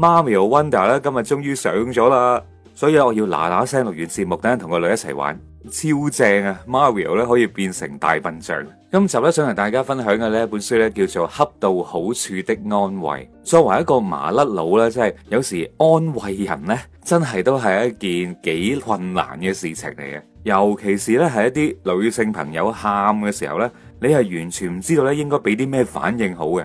Mario Wonder 咧，今日終於上咗啦，所以我要嗱嗱聲錄完節目，等陣同個女一齊玩，超正啊！Mario 咧可以變成大笨象。今集咧想同大家分享嘅呢一本書咧叫做《恰到好處的安慰》。作為一個麻甩佬咧，即係有時安慰人咧，真係都係一件幾困難嘅事情嚟嘅。尤其是咧係一啲女性朋友喊嘅時候咧，你係完全唔知道咧應該俾啲咩反應好嘅。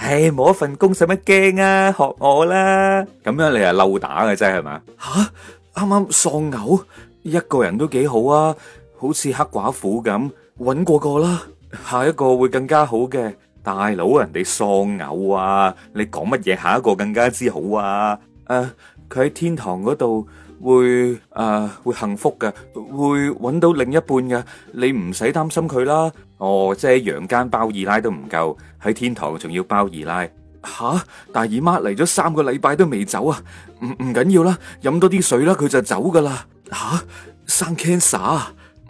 誒，冇一份工使乜驚啊？學我啦，咁樣你係溜打嘅啫，係嘛？吓，啱啱喪偶一個人都幾好啊，好似黑寡婦咁，搵過個啦，下一個會更加好嘅，大佬人哋喪偶啊，你講乜嘢？下一個更加之好啊？誒，佢喺天堂嗰度。會誒會幸福噶會揾到另一半噶你唔使擔心佢啦。哦，即係陽間包二奶都唔夠，喺天堂仲要包二奶。吓，大姨媽嚟咗三個禮拜都未走啊！唔唔緊要啦，飲多啲水啦，佢就走噶啦。吓，生 cancer，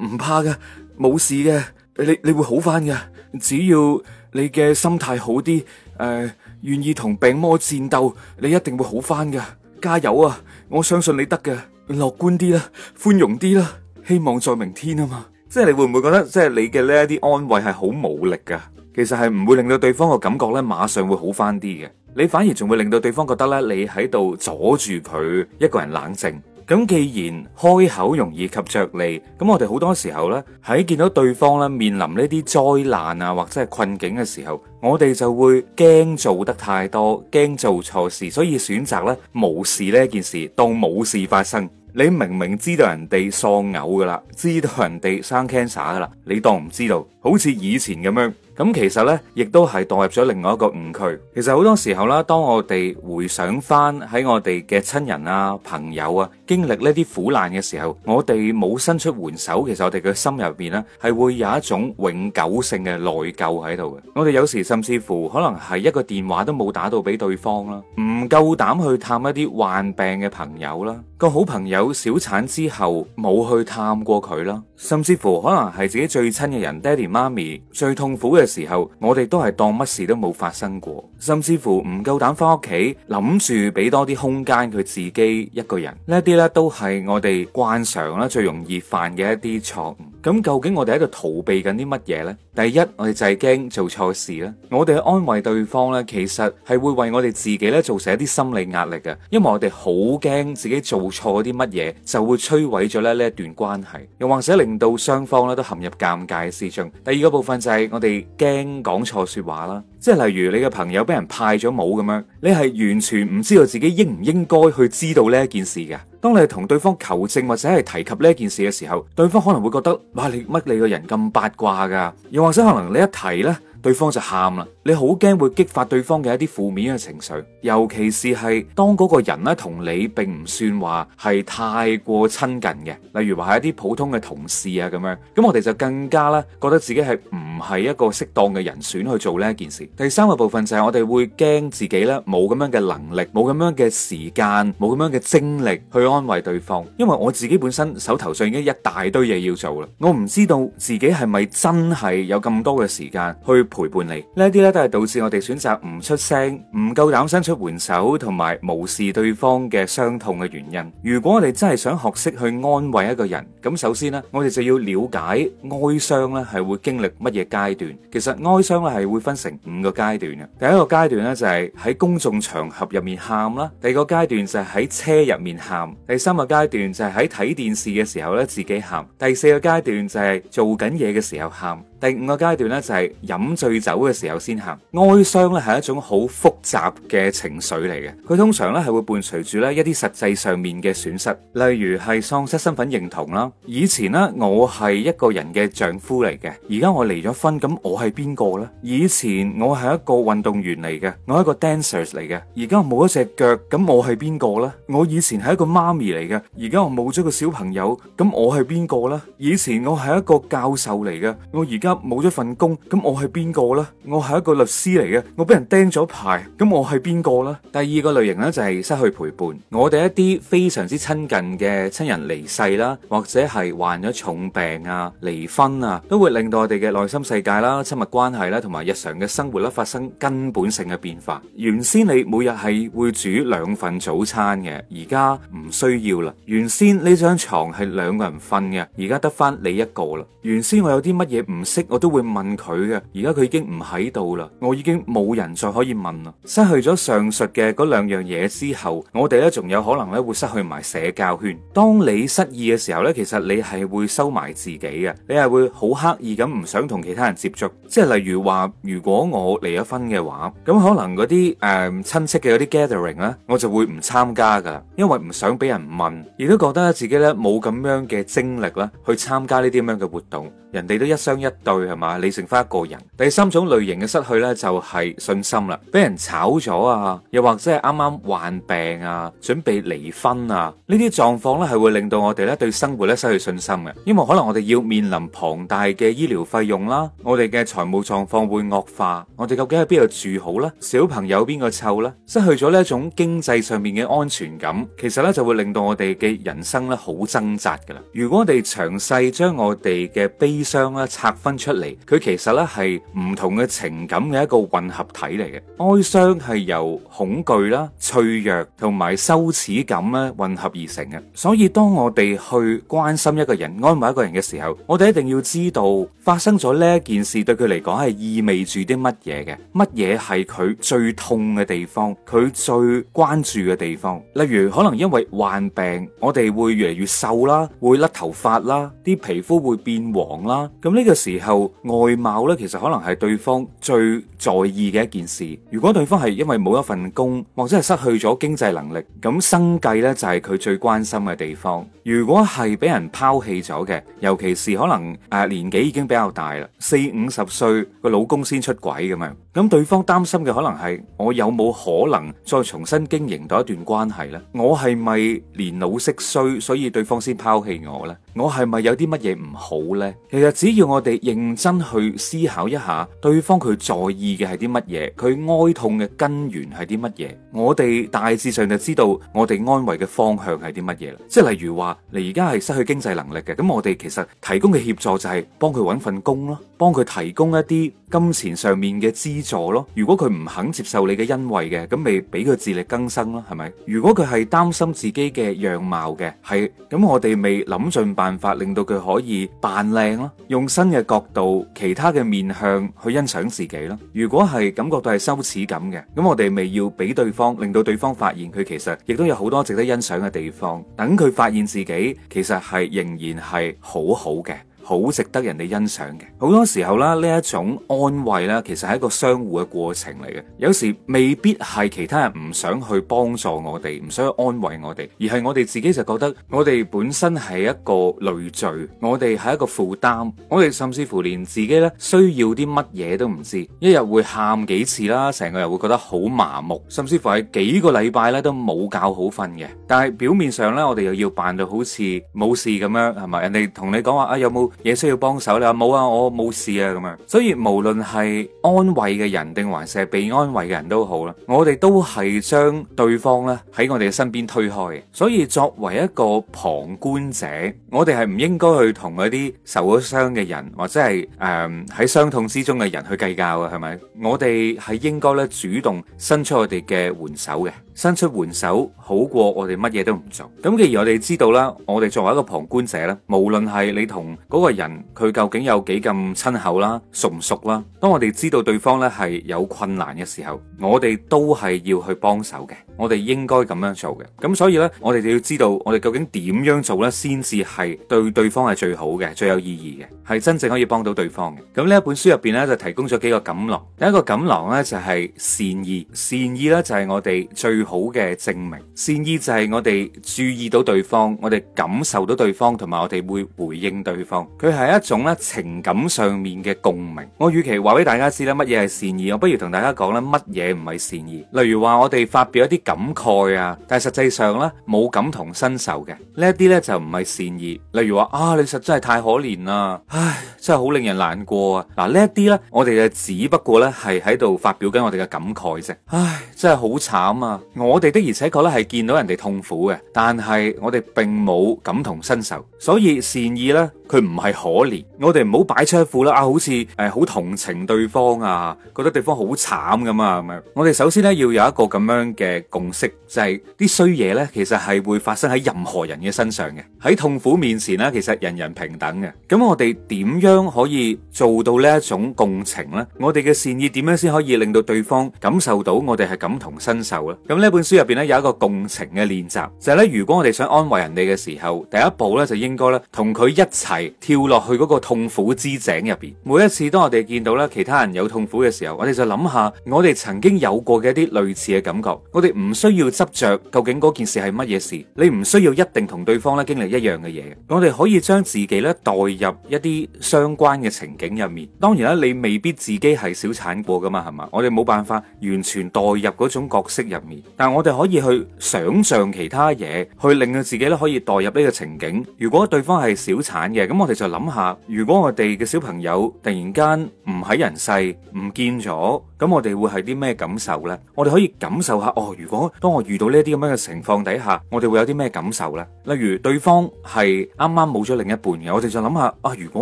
唔怕嘅，冇事嘅，你你會好返嘅，只要你嘅心態好啲，誒，願意同病魔戰鬥，你一定會好返嘅，加油啊！我相信你得嘅，樂觀啲啦，寬容啲啦，希望在明天啊嘛。即係你會唔會覺得，即係你嘅呢一啲安慰係好無力㗎？其實係唔會令到對方個感覺呢馬上會好翻啲嘅。你反而仲會令到對方覺得呢，你喺度阻住佢一個人冷靜。咁既然開口容易及着你，咁我哋好多時候呢，喺見到對方咧面臨呢啲災難啊，或者係困境嘅時候，我哋就會驚做得太多，驚做錯事，所以選擇呢「冇事」呢件事，當冇事發生。你明明知道人哋喪偶噶啦，知道人哋生 cancer 噶啦，你當唔知道，好似以前咁樣。咁其實呢，亦都係墮入咗另外一個誤區。其實好多時候啦，當我哋回想翻喺我哋嘅親人啊、朋友啊經歷呢啲苦難嘅時候，我哋冇伸出援手，其實我哋嘅心入邊呢，係會有一種永久性嘅內疚喺度嘅。我哋有時甚至乎可能係一個電話都冇打到俾對方啦，唔夠膽去探一啲患病嘅朋友啦，個好朋友小產之後冇去探過佢啦，甚至乎可能係自己最親嘅人，爹哋媽咪最痛苦嘅時候我哋都係當乜事都冇發生過，甚至乎唔夠膽返屋企，諗住俾多啲空間佢自己一個人，呢啲呢都係我哋慣常咧最容易犯嘅一啲錯誤。咁究竟我哋喺度逃避緊啲乜嘢呢？第一，我哋就係驚做錯事啦。我哋安慰對方咧，其實係會為我哋自己咧造成一啲心理壓力嘅，因為我哋好驚自己做錯啲乜嘢就會摧毀咗咧呢一段關係，又或者令到雙方咧都陷入尷尬嘅事情。第二個部分就係我哋驚講錯說話啦，即係例如你嘅朋友俾人派咗帽咁樣，你係完全唔知道自己應唔應該去知道呢一件事嘅。當你同對方求證或者係提及呢件事嘅時候，對方可能會覺得哇，你乜你個人咁八卦㗎！又或者可能你一提呢，對方就喊啦，你好驚會激發對方嘅一啲負面嘅情緒，尤其是係當嗰個人咧同你並唔算話係太過親近嘅，例如話係一啲普通嘅同事啊咁樣，咁我哋就更加咧覺得自己係唔係一個適當嘅人選去做呢一件事。第三個部分就係我哋會驚自己呢冇咁樣嘅能力，冇咁樣嘅時間，冇咁樣嘅精力去安慰對方，因為我自己本身手頭上已經一大堆嘢要做啦，我唔知道自己係咪真係有咁多嘅時間去。陪伴你呢一啲咧，都係導致我哋選擇唔出聲、唔夠膽伸出援手，同埋無視對方嘅傷痛嘅原因。如果我哋真係想學識去安慰一個人，咁首先呢，我哋就要了解哀傷咧係會經歷乜嘢階段。其實哀傷咧係會分成五個階段嘅。第一個階段咧就係喺公眾場合入面喊啦；第二個階段就係喺車入面喊；第三個階段就係喺睇電視嘅時候咧自己喊；第四個階段就係做緊嘢嘅時候喊。第五個階段咧就係飲醉酒嘅時候先喊。哀傷咧係一種好複雜嘅情緒嚟嘅，佢通常咧係會伴隨住咧一啲實際上面嘅損失，例如係喪失身份認同啦。以前咧我係一個人嘅丈夫嚟嘅，而家我離咗婚，咁我係邊個咧？以前我係一個運動員嚟嘅，我係一個 dancers 嚟嘅，而家我冇咗隻腳，咁我係邊個咧？我以前係一個媽咪嚟嘅，而家我冇咗個小朋友，咁我係邊個咧？以前我係一個教授嚟嘅，我而家，冇咗份工，咁我係邊個呢？我係一個律師嚟嘅，我俾人釘咗牌，咁我係邊個呢？第二個類型呢就係失去陪伴，我哋一啲非常之親近嘅親人離世啦，或者係患咗重病啊、離婚啊，都會令到我哋嘅內心世界啦、親密關係啦同埋日常嘅生活啦發生根本性嘅變化。原先你每日係會煮兩份早餐嘅，而家唔需要啦。原先呢張床係兩個人瞓嘅，而家得翻你一個啦。原先我有啲乜嘢唔識。我都會問佢嘅，而家佢已經唔喺度啦，我已經冇人再可以問啦。失去咗上述嘅嗰兩樣嘢之後，我哋咧仲有可能咧會失去埋社交圈。當你失意嘅時候咧，其實你係會收埋自己嘅，你係會好刻意咁唔想同其他人接觸。即係例如話，如果我離咗婚嘅話，咁可能嗰啲誒親戚嘅嗰啲 gathering 咧，我就會唔參加噶啦，因為唔想俾人問，亦都覺得自己咧冇咁樣嘅精力啦，去參加呢啲咁樣嘅活動。人哋都一雙一對。係嘛，你剩翻一個人。第三種類型嘅失去呢，就係信心啦。俾人炒咗啊，又或者係啱啱患病啊，準備離婚啊，呢啲狀況呢，係會令到我哋呢對生活呢失去信心嘅。因為可能我哋要面臨龐大嘅醫療費用啦，我哋嘅財務狀況會惡化，我哋究竟喺邊度住好呢？小朋友邊個湊呢？失去咗呢一種經濟上面嘅安全感，其實呢就會令到我哋嘅人生呢好掙扎噶啦。如果我哋詳細將我哋嘅悲傷呢拆分。出嚟，佢其實咧係唔同嘅情感嘅一個混合體嚟嘅。哀傷係由恐懼啦、脆弱同埋羞恥感咧混合而成嘅。所以當我哋去關心一個人、安慰一個人嘅時候，我哋一定要知道發生咗呢一件事對佢嚟講係意味住啲乜嘢嘅，乜嘢係佢最痛嘅地方，佢最關注嘅地方。例如可能因為患病，我哋會越嚟越瘦啦，會甩頭髮啦，啲皮膚會變黃啦。咁呢個時，後外貌咧，其實可能係對方最在意嘅一件事。如果對方係因為冇一份工，或者係失去咗經濟能力，咁生計咧就係佢最關心嘅地方。如果係俾人拋棄咗嘅，尤其是可能誒年紀已經比較大啦，四五十歲個老公先出軌咁樣，咁對方擔心嘅可能係我有冇可能再重新經營到一段關係呢？我係咪年老色衰，所以對方先拋棄我呢？我係咪有啲乜嘢唔好呢？其實只要我哋認真去思考一下，對方佢在意嘅係啲乜嘢，佢哀痛嘅根源係啲乜嘢，我哋大致上就知道我哋安慰嘅方向係啲乜嘢啦。即係例如話，你而家係失去經濟能力嘅，咁我哋其實提供嘅協助就係幫佢揾份工咯。幫佢提供一啲金錢上面嘅資助咯。如果佢唔肯接受你嘅恩惠嘅，咁咪俾佢自力更生咯，係咪？如果佢係擔心自己嘅樣貌嘅，係咁我哋未諗盡辦法令到佢可以扮靚咯，用新嘅角度、其他嘅面向去欣賞自己咯。如果係感覺到係羞恥感嘅，咁我哋未要俾對方，令到對方發現佢其實亦都有好多值得欣賞嘅地方。等佢發現自己其實係仍然係好好嘅。好值得人哋欣賞嘅，好多時候啦，呢一種安慰啦，其實係一個相互嘅過程嚟嘅。有時未必係其他人唔想去幫助我哋，唔想去安慰我哋，而係我哋自己就覺得我哋本身係一個累贅，我哋係一個負擔，我哋甚至乎連自己呢需要啲乜嘢都唔知，一日會喊幾次啦，成個人會覺得好麻木，甚至乎係幾個禮拜呢都冇覺好瞓嘅。但係表面上呢，我哋又要扮到好似冇事咁樣，係咪？人哋同你講話啊，有冇？嘢需要幫手咧，你話冇啊，我冇事啊，咁樣，所以無論係安慰嘅人定還是係被安慰嘅人都好啦，我哋都係將對方咧喺我哋身邊推開嘅，所以作為一個旁觀者，我哋係唔應該去同嗰啲受咗傷嘅人或者係誒喺傷痛之中嘅人去計較嘅，係咪？我哋係應該咧主動伸出我哋嘅援手嘅，伸出援手好過我哋乜嘢都唔做。咁既然我哋知道啦，我哋作為一個旁觀者咧，無論係你同嗰個人佢究竟有幾咁親厚啦，熟唔熟啦？當我哋知道對方咧係有困難嘅時候，我哋都係要去幫手嘅。我哋應該咁樣做嘅，咁所以呢，我哋就要知道我哋究竟點樣做呢？先至係對對方係最好嘅、最有意義嘅，係真正可以幫到對方嘅。咁呢一本書入邊呢，就提供咗幾個錦囊。第一個錦囊呢，就係、是、善意，善意呢，就係、是、我哋最好嘅證明。善意就係我哋注意到對方，我哋感受到對方，同埋我哋會回應對方。佢係一種呢情感上面嘅共鳴。我與其話俾大家知呢乜嘢係善意，我不如同大家講呢乜嘢唔係善意。例如話我哋發表一啲。感慨啊！但係實際上呢，冇感同身受嘅呢一啲呢，就唔係善意。例如話啊，你實在係太可憐啦，啊，唉，真係好令人難過啊！嗱，呢一啲呢，我哋就只不過呢，係喺度發表緊我哋嘅感慨啫。唉，真係好慘啊！我哋的而且確呢，係見到人哋痛苦嘅，但係我哋並冇感同身受，所以善意呢。佢唔係可憐，我哋唔好擺出一副啦啊！好似誒好同情對方啊，覺得對方好慘咁啊咁樣。我哋首先咧要有一個咁樣嘅共識，就係啲衰嘢咧，其實係會發生喺任何人嘅身上嘅。喺痛苦面前咧，其實人人平等嘅。咁我哋點樣可以做到呢一種共情咧？我哋嘅善意點樣先可以令到對方感受到我哋係感同身受咧？咁呢一本書入邊咧有一個共情嘅練習，就係咧，如果我哋想安慰人哋嘅時候，第一步咧就應該咧同佢一齊。跳落去嗰個痛苦之井入邊，每一次當我哋見到咧其他人有痛苦嘅時候，我哋就諗下我哋曾經有過嘅一啲類似嘅感覺。我哋唔需要執着究竟嗰件事係乜嘢事，你唔需要一定同對方咧經歷一樣嘅嘢。我哋可以將自己咧代入一啲相關嘅情景入面。當然啦，你未必自己係小產過噶嘛，係嘛？我哋冇辦法完全代入嗰種角色入面，但係我哋可以去想象其他嘢，去令到自己咧可以代入呢個情景。如果對方係小產嘅。咁我哋就諗下，如果我哋嘅小朋友突然間唔喺人世，唔見咗。咁我哋會係啲咩感受呢？我哋可以感受下哦。如果當我遇到呢一啲咁樣嘅情況底下，我哋會有啲咩感受呢？例如對方係啱啱冇咗另一半嘅，我哋就諗下啊。如果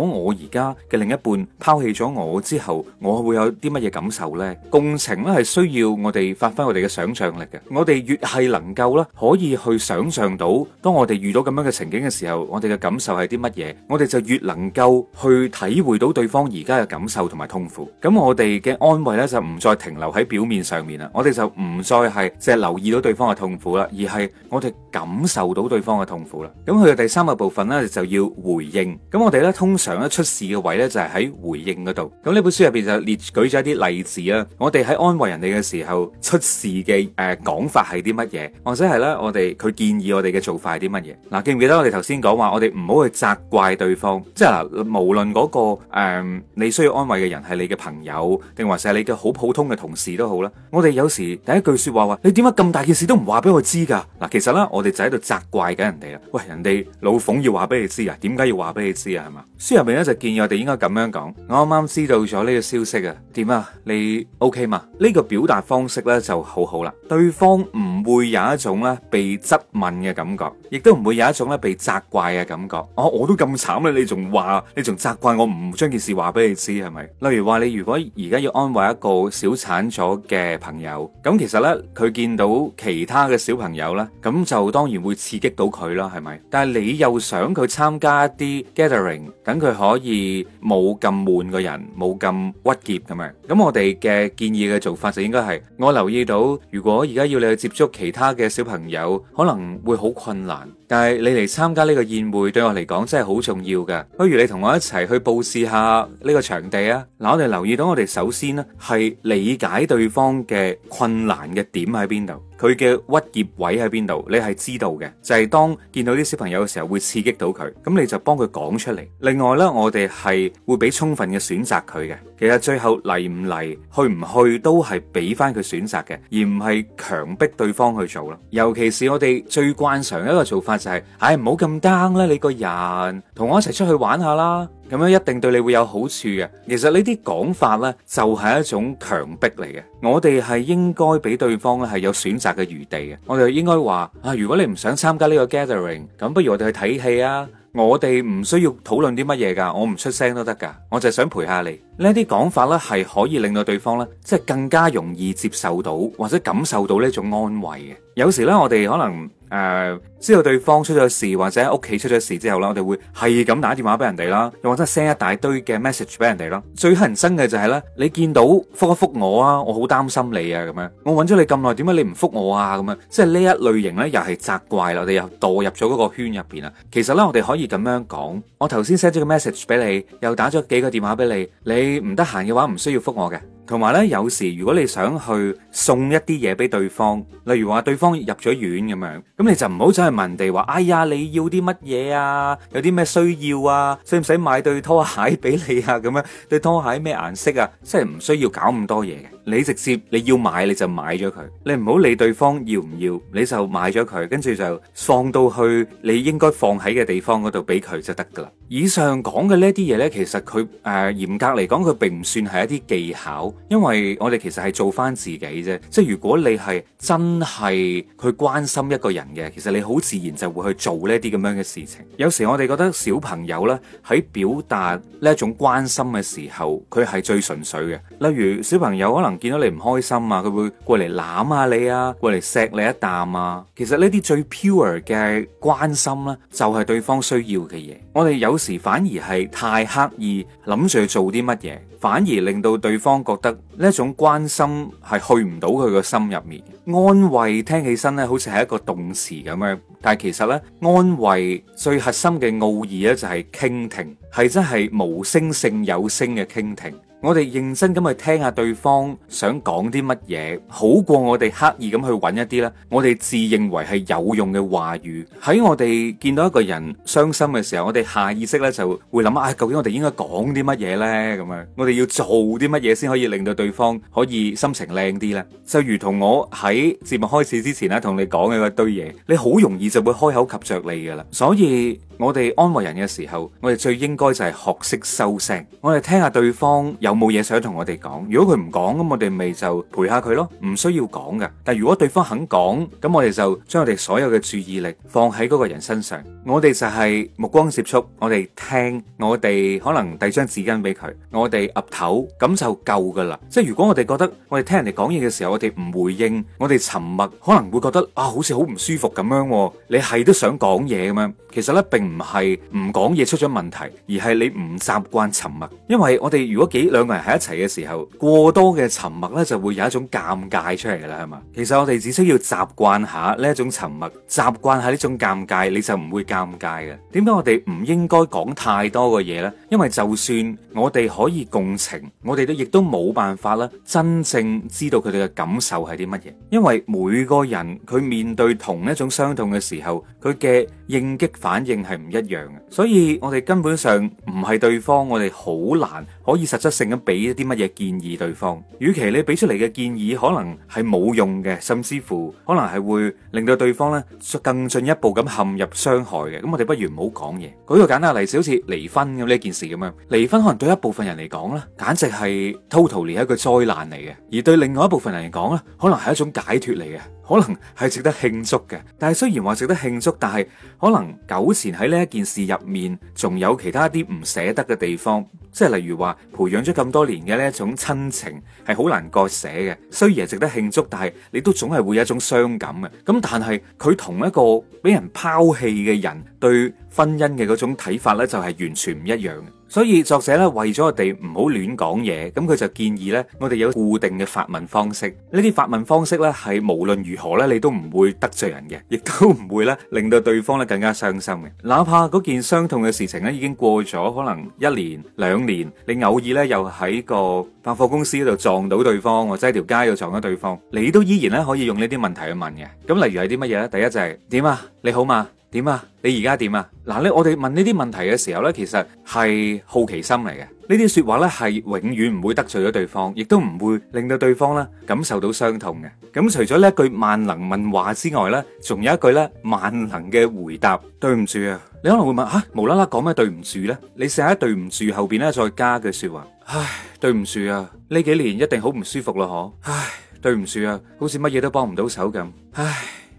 我而家嘅另一半拋棄咗我之後，我會有啲乜嘢感受呢？共情咧係需要我哋發揮我哋嘅想象力嘅。我哋越係能夠咧，可以去想象到當我哋遇到咁樣嘅情景嘅時候，我哋嘅感受係啲乜嘢，我哋就越能夠去體會到對方而家嘅感受同埋痛苦。咁我哋嘅安慰咧就。唔再停留喺表面上面啦，我哋就唔再係即係留意到對方嘅痛苦啦，而係我哋感受到對方嘅痛苦啦。咁佢嘅第三個部分咧，就要回應。咁我哋咧通常咧出事嘅位咧就係喺回應嗰度。咁呢本書入邊就列舉咗一啲例子啦。我哋喺安慰人哋嘅時候，出事嘅誒講法係啲乜嘢？或者係咧我哋佢建議我哋嘅做法係啲乜嘢？嗱，記唔記得我哋頭先講話，我哋唔好去責怪對方，即係嗱，無論嗰個誒你需要安慰嘅人係你嘅朋友，定還是係你嘅好。普通嘅同事都好啦，我哋有時第一句說話話你點解咁大件事都唔話俾我知㗎？嗱，其實咧我哋就喺度責怪緊人哋啦。喂，人哋老奉要話俾你知啊，點解要話俾你知啊？係嘛？書入面咧就建議我哋應該咁樣講：我啱啱知道咗呢個消息啊，點啊？你 O K 嘛？呢、這個表達方式咧就好好啦，對方唔會有一種咧被質問嘅感覺，亦都唔會有一種咧被責怪嘅感覺。哦、啊，我都咁慘啦，你仲話你仲責怪我唔將件事話俾你知係咪？例如話你如果而家要安慰一個。小產咗嘅朋友，咁其實咧佢見到其他嘅小朋友咧，咁就當然會刺激到佢啦，係咪？但係你又想佢參加一啲 gathering，等佢可以冇咁悶個人，冇咁鬱結咁樣。咁我哋嘅建議嘅做法就應該係，我留意到如果而家要你去接觸其他嘅小朋友，可能會好困難。但係你嚟參加呢個宴會對我嚟講真係好重要嘅，不如你同我一齊去布試下呢個場地啊！嗱，我哋留意到我哋首先咧係。理解對方嘅困難嘅點喺邊度？佢嘅鬱結位喺邊度？你係知道嘅，就係、是、當見到啲小朋友嘅時候會刺激到佢，咁你就幫佢講出嚟。另外咧，我哋係會俾充分嘅選擇佢嘅。其實最後嚟唔嚟、去唔去都係俾翻佢選擇嘅，而唔係強迫對方去做咯，尤其是我哋最慣常一個做法就係、是，唉唔好咁 down 啦，你個人同我一齊出去玩下啦，咁樣一定對你會有好處嘅。其實呢啲講法咧就係、是、一種強迫嚟嘅。我哋係應該俾對方咧係有選擇嘅餘地嘅，我哋應該話啊，如果你唔想參加呢個 gathering，咁不如我哋去睇戲啊。我哋唔需要討論啲乜嘢噶，我唔出聲都得噶，我就係想陪下你。呢啲講法咧，係可以令到對方咧，即係更加容易接受到或者感受到呢種安慰嘅。有時咧，我哋可能。誒，知道、uh, 對方出咗事或者屋企出咗事之後啦，我哋會係咁打電話俾人哋啦，又或者 send 一大堆嘅 message 俾人哋啦。最乞人憎嘅就係、是、呢：你見到復一復我啊，我好擔心你啊，咁樣，我揾咗你咁耐，點解你唔復我啊？咁樣，即係呢一類型呢，又係責怪啦，我哋又墮入咗嗰個圈入邊啊。其實呢，我哋可以咁樣講，我頭先 send 咗個 message 俾你，又打咗幾個電話俾你，你唔得閒嘅話，唔需要復我嘅。同埋咧，有時如果你想去送一啲嘢俾對方，例如話對方入咗院咁樣，咁你就唔好走去問人地話，哎呀，你要啲乜嘢啊？有啲咩需要啊？使唔使買對拖鞋俾你啊？咁樣，對拖鞋咩顏色啊？即係唔需要搞咁多嘢嘅。你直接你要買你就買咗佢，你唔好理對方要唔要，你就買咗佢，跟住就放到去你應該放喺嘅地方嗰度俾佢就得噶啦。以上講嘅呢啲嘢咧，其實佢誒、呃、嚴格嚟講佢並唔算係一啲技巧，因為我哋其實係做翻自己啫。即係如果你係真係去關心一個人嘅，其實你好自然就會去做呢啲咁樣嘅事情。有時我哋覺得小朋友咧，喺表達呢一種關心嘅時候，佢係最純粹嘅。例如小朋友可能。見到你唔開心啊，佢會過嚟攬下你啊，過嚟錫你一啖啊。其實呢啲最 pure 嘅關心呢，就係對方需要嘅嘢。我哋有時反而係太刻意諗住做啲乜嘢，反而令到對方覺得呢種關心係去唔到佢個心入面。安慰聽起身呢，好似係一個動詞咁樣，但係其實呢，安慰最核心嘅奧義呢，就係傾聽，係真係無聲勝有聲嘅傾聽。我哋認真咁去聽下對方想講啲乜嘢，好過我哋刻意咁去揾一啲咧，我哋自認為係有用嘅話語。喺我哋見到一個人傷心嘅時候，我哋下意識咧就會諗啊，究竟我哋應該講啲乜嘢呢？咁樣，我哋要做啲乜嘢先可以令到對方可以心情靚啲呢？就如同我喺節目開始之前啦，同你講嘅嗰堆嘢，你好容易就會開口及着你噶啦。所以，我哋安慰人嘅時候，我哋最應該就係學識收聲，我哋聽下對方有。有冇嘢想同我哋講？如果佢唔講，咁我哋咪就陪下佢咯，唔需要講嘅。但係如果對方肯講，咁我哋就將我哋所有嘅注意力放喺嗰個人身上，我哋就係目光接觸，我哋聽，我哋可能遞張紙巾俾佢，我哋岌頭，咁就夠噶啦。即係如果我哋覺得我哋聽人哋講嘢嘅時候，我哋唔回應，我哋沉默，可能會覺得啊，好似好唔舒服咁樣。你係都想講嘢咁樣，其實咧並唔係唔講嘢出咗問題，而係你唔習慣沉默。因為我哋如果幾兩。兩個人喺一齊嘅時候，過多嘅沉默咧，就會有一種尷尬出嚟噶啦，係嘛？其實我哋只需要習慣下呢一種沉默，習慣下呢種尷尬，你就唔會尷尬嘅。點解我哋唔應該講太多嘅嘢呢？因為就算我哋可以共情，我哋都亦都冇辦法啦，真正知道佢哋嘅感受係啲乜嘢。因為每個人佢面對同一種傷痛嘅時候，佢嘅。應激反應係唔一樣嘅，所以我哋根本上唔係對方，我哋好難可以實質性咁俾一啲乜嘢建議對方。與其你俾出嚟嘅建議可能係冇用嘅，甚至乎可能係會令到對方呢更進一步咁陷入傷害嘅。咁我哋不如唔好講嘢。舉個簡單例子，好似離婚咁呢件事咁樣，離婚可能對一部分人嚟講呢，簡直係 totally 一個災難嚟嘅；而對另外一部分人嚟講呢，可能係一種解脫嚟嘅。可能係值得慶祝嘅，但係雖然話值得慶祝，但係可能糾纏喺呢一件事入面，仲有其他啲唔捨得嘅地方，即係例如話培養咗咁多年嘅呢一種親情係好難割捨嘅。雖然係值得慶祝，但係你都總係會有一種傷感嘅。咁但係佢同一個俾人拋棄嘅人對婚姻嘅嗰種睇法呢，就係完全唔一樣。所以作者咧為咗我哋唔好亂講嘢，咁佢就建議咧，我哋有固定嘅發問方式。呢啲發問方式咧係無論如何咧，你都唔會得罪人嘅，亦都唔會咧令到對方咧更加傷心嘅。哪怕嗰件傷痛嘅事情咧已經過咗可能一年兩年，你偶爾咧又喺個百貨公司度撞到對方，或者喺條街度撞到對方，你都依然咧可以用呢啲問題去問嘅。咁例如係啲乜嘢？第一就係點啊，你好嘛？點啊？你而家點啊？嗱，咧我哋問呢啲問題嘅時候呢，其實係好奇心嚟嘅。呢啲說話呢，係永遠唔會得罪咗對方，亦都唔會令到對方呢感受到傷痛嘅。咁除咗呢句萬能問話之外呢，仲有一句呢萬能嘅回答：對唔住啊！你可能會問吓，無啦啦講咩對唔住呢？你成日喺對唔住後邊呢再加句說話。唉，對唔住啊！呢幾年一定好唔舒服咯！」嗬？唉，對唔住啊！好似乜嘢都幫唔到手咁。唉，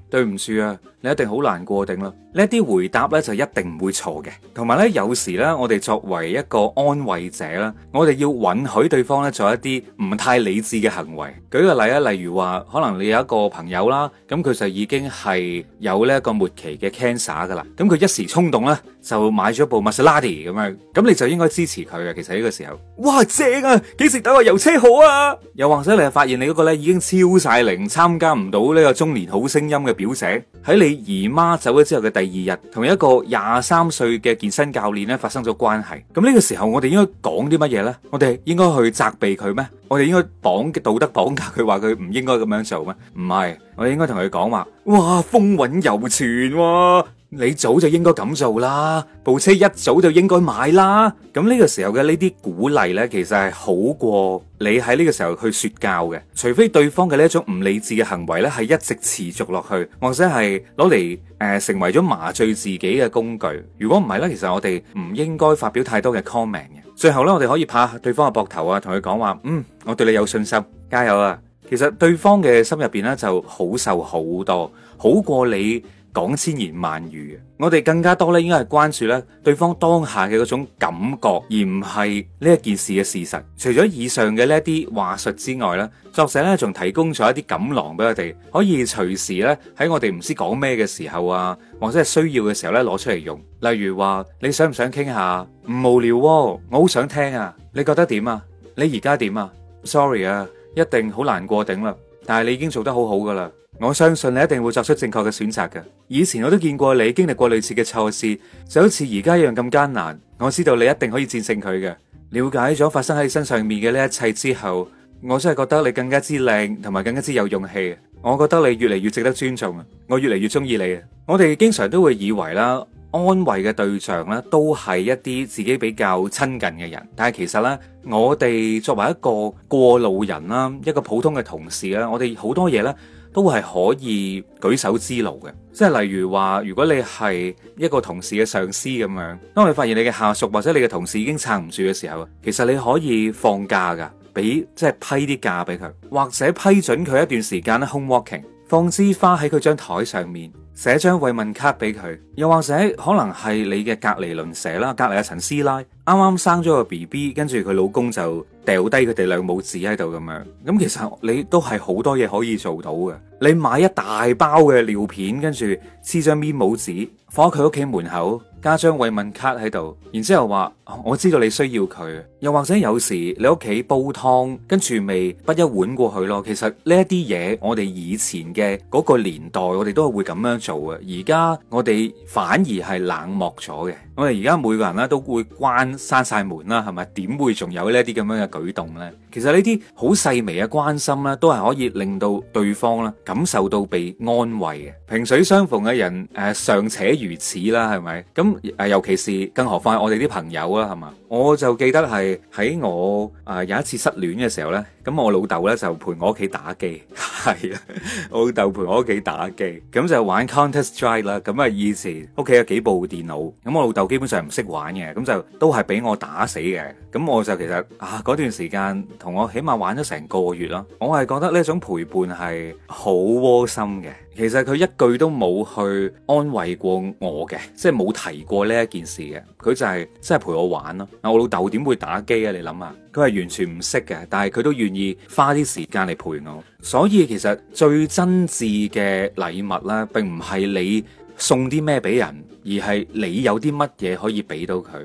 對唔住啊！你一定好難過定啦？呢一啲回答呢就一定唔會錯嘅。同埋呢，有時呢，我哋作為一個安慰者啦，我哋要允許對方呢做一啲唔太理智嘅行為。舉個例啊，例如話，可能你有一個朋友啦，咁佢就已經係有呢一個末期嘅 cancer 噶啦，咁佢一時衝動呢，就買咗部 Maserati 咁樣，咁你就應該支持佢嘅。其實呢個時候，哇，正啊，幾時帶我遊車河啊？又或者你發現你嗰個呢已經超晒齡，參加唔到呢個中年好聲音嘅表姐喺你。姨媽走咗之後嘅第二日，同一個廿三歲嘅健身教練咧發生咗關係。咁呢個時候，我哋應該講啲乜嘢呢？我哋應該去責備佢咩？我哋應該綁道德綁架佢，話佢唔應該咁樣做咩？唔係，我哋應該同佢講話，哇，風韻猶存。你早就應該咁做啦，部車一早就應該買啦。咁呢個時候嘅呢啲鼓勵呢，其實係好過你喺呢個時候去說教嘅。除非對方嘅呢一種唔理智嘅行為呢係一直持續落去，或者係攞嚟誒成為咗麻醉自己嘅工具。如果唔係呢，其實我哋唔應該發表太多嘅 comment 嘅。最後呢，我哋可以拍下對方嘅膊頭啊，同佢講話：嗯，我對你有信心，加油啊！其實對方嘅心入邊呢就好受好多，好過你。講千言萬語我哋更加多咧，應該係關注咧對方當下嘅嗰種感覺，而唔係呢一件事嘅事實。除咗以上嘅呢啲話術之外咧，作者咧仲提供咗一啲錦囊俾我哋，可以隨時咧喺我哋唔知講咩嘅時候啊，或者係需要嘅時候咧攞出嚟用。例如話，你想唔想傾下？唔無聊喎，我好想聽啊！你覺得點啊？你而家點啊？Sorry 啊，一定好難過頂啦，但係你已經做得好好噶啦。我相信你一定會作出正確嘅選擇嘅。以前我都見過你經歷過類似嘅錯事，就好似而家一樣咁艱難。我知道你一定可以戰勝佢嘅。了解咗發生喺你身上面嘅呢一切之後，我真係覺得你更加之靚，同埋更加之有勇氣。我覺得你越嚟越值得尊重啊，我越嚟越中意你啊。我哋經常都會以為啦，安慰嘅對象咧都係一啲自己比較親近嘅人，但係其實咧，我哋作為一個過路人啦，一個普通嘅同事啦，我哋好多嘢咧。都係可以舉手之勞嘅，即係例如話，如果你係一個同事嘅上司咁樣，當你發現你嘅下屬或者你嘅同事已經撐唔住嘅時候，其實你可以放假㗎，俾即係批啲假俾佢，或者批准佢一段時間咧 home working，放支花喺佢張枱上面，寫張慰問卡俾佢，又或者可能係你嘅隔離鄰舍啦，隔離阿陳師奶啱啱生咗個 BB，跟住佢老公就。掉低佢哋兩母子喺度咁樣，咁其實你都係好多嘢可以做到嘅。你買一大包嘅尿片，跟住黐張 memo 紙。放喺佢屋企門口，加張慰問卡喺度，然之後話我知道你需要佢。又或者有時你屋企煲湯，跟住未不一碗過去咯。其實呢一啲嘢，我哋以前嘅嗰個年代，我哋都係會咁樣做嘅。而家我哋反而係冷漠咗嘅。我哋而家每個人啦都會關閂晒門啦，係咪？點會仲有呢一啲咁樣嘅舉動呢？其實呢啲好細微嘅關心啦，都係可以令到對方啦感受到被安慰嘅。萍水相逢嘅人誒、呃，尚且。如此啦，係咪？咁誒，尤其是，更何況係我哋啲朋友啦，係嘛？我就記得係喺我誒、呃、有一次失戀嘅時候咧。咁我老豆呢就陪我屋企打機，係啊，我老豆陪我屋企打機，咁 就玩 Counter Strike 啦。咁啊，以前屋企有幾部電腦，咁 我老豆基本上唔識玩嘅，咁 就都係俾我打死嘅。咁 我就其實啊，嗰段時間同我起碼玩咗成個月咯。 我係覺得呢種陪伴係好窩心嘅， 其實佢一句都冇去安慰過我嘅， 即係冇提過呢一件事嘅。佢 就係、是、真係陪我玩咯。嗱， 我老豆點會打機啊？你諗下，佢 係完全唔識嘅，但係佢都願。而花啲時間嚟陪我，所以其實最真摯嘅禮物咧，並唔係你送啲咩俾人，而係你有啲乜嘢可以俾到佢，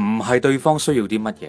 唔係對方需要啲乜嘢，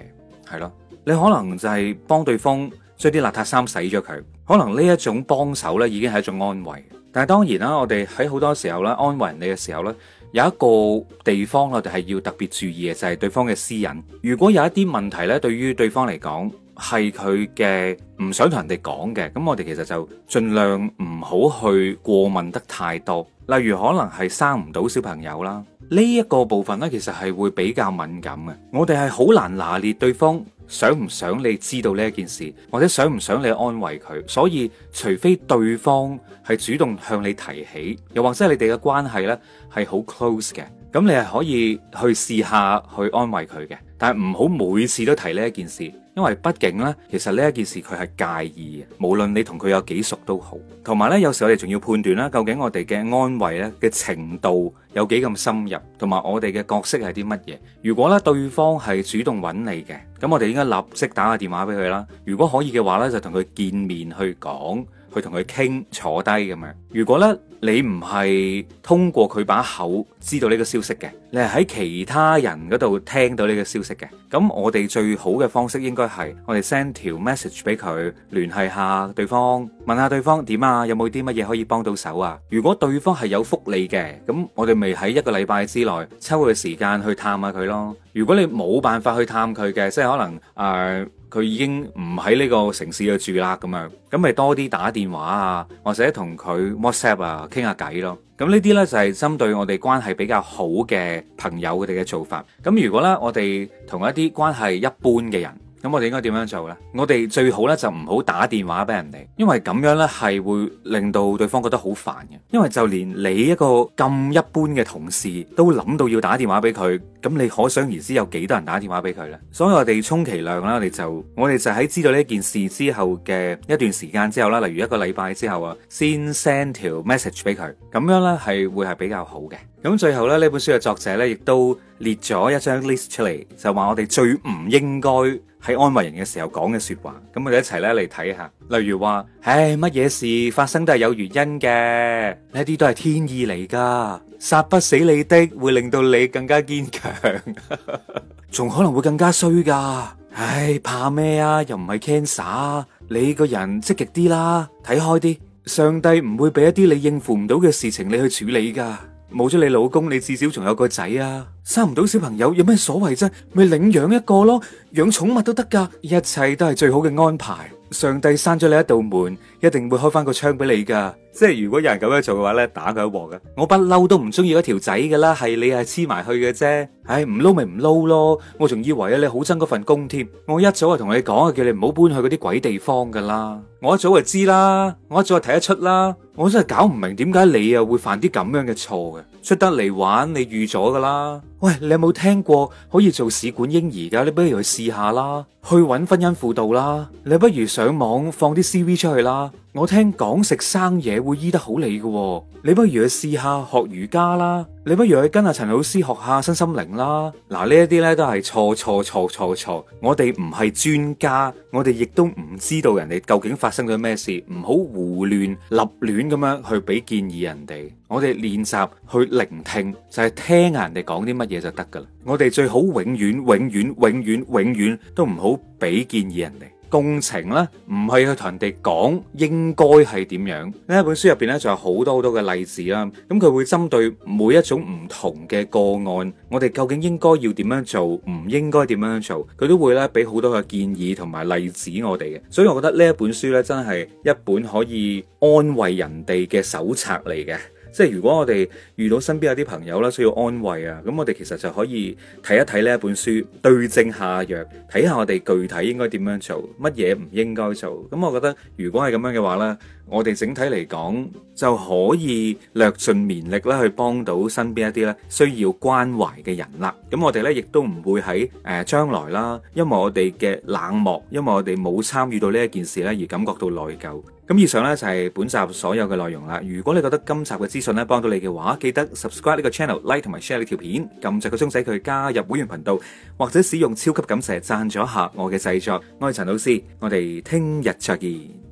係咯？你可能就係幫對方將啲邋遢衫洗咗佢，可能呢一種幫手呢，已經係一種安慰。但係當然啦，我哋喺好多時候咧，安慰人哋嘅時候呢，有一個地方我哋係要特別注意嘅，就係對方嘅私隱。如果有一啲問題呢，對於對方嚟講，係佢嘅唔想同人哋講嘅，咁我哋其實就盡量唔好去過問得太多。例如可能係生唔到小朋友啦，呢一個部分呢，其實係會比較敏感嘅。我哋係好難拿捏對方想唔想你知道呢一件事，或者想唔想你安慰佢。所以除非對方係主動向你提起，又或者你哋嘅關係呢係好 close 嘅，咁你係可以去試下去安慰佢嘅，但係唔好每次都提呢一件事。因為畢竟呢，其實呢一件事佢係介意嘅，無論你同佢有幾熟都好。同埋呢，有時我哋仲要判斷啦，究竟我哋嘅安慰呢嘅程度有幾咁深入，同埋我哋嘅角色係啲乜嘢。如果呢，對方係主動揾你嘅，咁我哋應該立即打個電話俾佢啦。如果可以嘅話呢就同佢見面去講，去同佢傾，坐低咁樣。如果呢。你唔係通過佢把口知道呢個消息嘅，你係喺其他人嗰度聽到呢個消息嘅。咁我哋最好嘅方式應該係我哋 send 條 message 俾佢，聯繫下對方，問下對方點啊，有冇啲乜嘢可以幫到手啊？如果對方係有福利嘅，咁我哋咪喺一個禮拜之內抽個時間去探下佢咯。如果你冇辦法去探佢嘅，即係可能誒佢、呃、已經唔喺呢個城市度住啦咁樣，咁咪多啲打電話啊，或者同佢 WhatsApp 啊。傾下偈咯，咁呢啲咧就係針對我哋關係比較好嘅朋友佢哋嘅做法。咁如果咧，我哋同一啲關係一般嘅人。咁我哋應該點樣做呢？我哋最好咧就唔好打電話俾人哋，因為咁樣呢係會令到對方覺得好煩嘅。因為就連你一個咁一般嘅同事都諗到要打電話俾佢，咁你可想而知有幾多人打電話俾佢咧？所以我哋充其量啦，我哋就我哋就喺知道呢件事之後嘅一段時間之後啦，例如一個禮拜之後啊，先 send 條 message 俾佢，咁樣呢係會係比較好嘅。咁最後咧，呢本書嘅作者呢亦都列咗一張 list 出嚟，就話我哋最唔應該喺安慰人嘅時候講嘅說話。咁我哋一齊呢嚟睇下，例如話，唉、哎，乜嘢事發生都係有原因嘅，呢啲都係天意嚟噶，殺不死你的會令到你更加堅強，仲 可能會更加衰噶。唉、哎，怕咩啊？又唔係 cancer，你個人積極啲啦，睇開啲，上帝唔會俾一啲你應付唔到嘅事情你去處理噶。冇咗你老公，你至少仲有個仔啊！生唔到小朋友有咩所謂啫？咪領養一個咯，養寵物都得㗎，一切都係最好嘅安排。上帝閂咗你一道門，一定會開翻個窗俾你噶。即係如果有人咁樣做嘅話呢，打佢一鑊噶。我不嬲都唔中意嗰條仔噶啦，係你係黐埋去嘅啫。唉、哎，唔撈咪唔撈咯。我仲以為你好憎嗰份工添。我一早就同你講啊，叫你唔好搬去嗰啲鬼地方噶啦。我一早就知啦，我一早就睇得出啦。我真係搞唔明點解你又會犯啲咁樣嘅錯嘅。出得嚟玩，你預咗噶啦。喂，你有冇聽過可以做試管嬰兒噶？你不如去試下啦，去揾婚姻輔導啦。你不如上。上網放啲 CV 出去啦！我聽講食生嘢會醫得好你嘅，你不如去試下學瑜伽啦，你不如去跟阿陳老師學下新心靈啦。嗱，呢一啲呢都係錯錯錯錯錯,錯，我哋唔係專家，我哋亦都唔知道人哋究竟發生咗咩事，唔好胡亂立亂咁樣去俾建議人哋。我哋練習去聆聽，就係、是、聽人哋講啲乜嘢就得噶啦。我哋最好永遠永遠永遠永遠都唔好俾建議人哋。共情咧，唔係去同人哋講應該係點樣。呢一本書入邊咧，就有好多好多嘅例子啦。咁佢會針對每一種唔同嘅個案，我哋究竟應該要點樣做，唔應該點樣做，佢都會咧俾好多嘅建議同埋例子我哋嘅。所以我覺得呢一本書咧，真係一本可以安慰人哋嘅手冊嚟嘅。即係如果我哋遇到身邊有啲朋友啦，需要安慰啊，咁我哋其實就可以睇一睇呢一本書，對症下藥，睇下我哋具體應該點樣做，乜嘢唔應該做。咁我覺得如果係咁樣嘅話咧，我哋整體嚟講就可以略盡綿力啦，去幫到身邊一啲咧需要關懷嘅人啦。咁我哋咧亦都唔會喺，誒將來啦，因為我哋嘅冷漠，因為我哋冇參與到呢一件事咧，而感覺到內疚。咁以上呢，就係本集所有嘅內容啦。如果你覺得今集嘅資訊咧幫到你嘅話，記得 subscribe 呢個 channel、like 同埋 share 呢條片，撳著個鐘仔佢加入會員頻道，或者使用超級感謝贊助一下我嘅製作。我係陳老 C，我哋聽日再見。